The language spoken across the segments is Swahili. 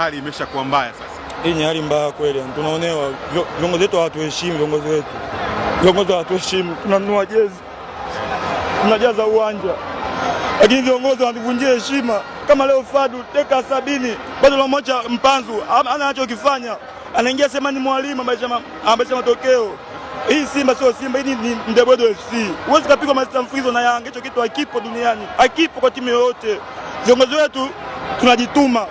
Hali imeshakuwa mbaya sasa. Hii ni hali mbaya kweli, tunaonewa. Viongozi wetu hawatuheshimu, viongozi wetu, viongozi hawatuheshimu. Tunanunua jezi, tunajaza uwanja, lakini viongozi wanatuvunjia heshima. Kama leo Fadu teka sabini bado tunamwacha Mpanzu ana anachokifanya, anaingia ni mwalimu ambaisha matokeo. Hii Simba sio Simba, hii ni Mdebwedo FC. Huwezi kapigwa masita mfulizo na Yanga, hicho kitu hakipo duniani, hakipo kwa timu yoyote. Viongozi wetu tunajituma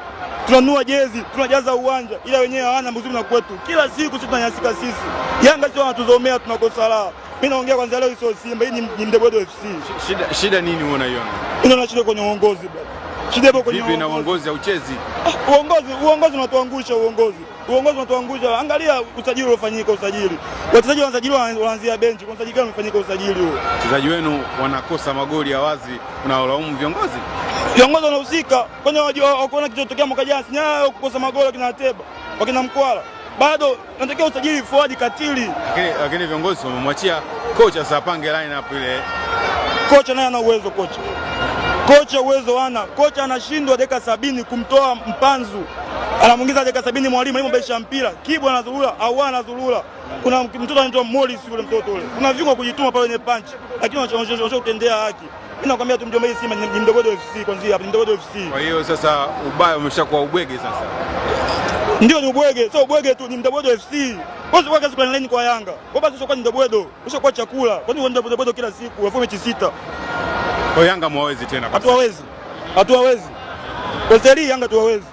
tunanua jezi, tunajaza uwanja, ila wenyewe hawana mzuri na kwetu. Kila siku sisi tunanyasika sisi. Yanga sio wanatuzomea, tunakosa la. Mimi naongea kwanza leo, sio Simba, hii ni Mdebwe FC. Shida, shida nini unaiona? Unaona shida kwenye uongozi bwana. Shida ipo kwenye uongozi. Vipi na uongozi hauchezi? Ah, uongozi, uongozi unatuangusha uongozi. Uongozi unatuangusha. Angalia usajili uliofanyika usajili. Wachezaji wanasajili wanaanzia benchi. Kwa usajili gani umefanyika usajili huo? Wachezaji wenu wanakosa magoli ya wazi, unaolaumu viongozi? viongozi wanahusika kwenye wakiona kilichotokea mwaka jana Sinyao kukosa magoli kina Ateba wakina Mkwala bado natakiwa usajili fuadi katili, lakini viongozi wamemwachia kocha sasa pange lineup ile. Kocha naye ana uwezo, kocha kocha uwezo ana kocha anashindwa dakika sabini kumtoa Mpanzu, anamwingiza dakika sabini mwalimu alimu besha mpira Kibwa anazurura au anazurura. Kuna mtoto anaitwa Morris yule mtoto ule, kuna viungo kujituma pale wenye panchi, lakini wanacho kutendea haki mimi Nakwambia tu mjomba, hii Simba ni mdogodo FC kwanza hapa, ni mdogodo FC. Kwa hiyo sasa ubaya umeshakuwa ubwege sasa. Ndio ni ubwege, sio ubwege tu, ni mdogodo FC. Kwa sababu kazi kwa line kwa Yanga? Wewe basi ushakuwa ni mdogodo, kwa chakula. Kwa nini wewe mdogodo kila siku, unafume mechi sita. Kwa Yanga mwawezi tena basi. Hatuwawezi. Hatuwawezi. Kwa seri Yanga tuwawezi.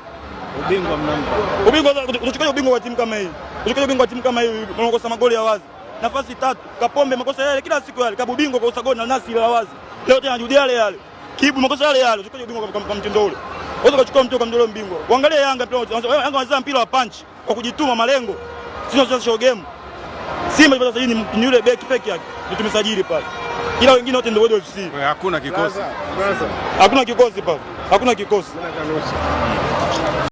Ubingwa mnamba. Ubingwa unachukua ubingwa wa timu kama hii. Unachukua ubingwa wa timu kama hii, unakosa magoli ya wazi. Nafasi tatu, Kapombe makosa yale kila siku yale, kabubingwa kwa usagoni na nasi la wazi leo tena judia yale yale, kibu makosa yale yale, usikuje ubingwa kwa mtindo ule. Wewe ukachukua mtu kwa mdolo mbingwa. Uangalie Yanga pia, Yanga wanacheza mpira wa punch kwa kujituma malengo. Sio sio show game. Simba sasa hivi ni yule beki peke yake. Ni tumesajili pale. Ila wengine wote ndio World FC. Eh, hakuna kikosi. Hakuna kikosi pale. Hakuna kikosi.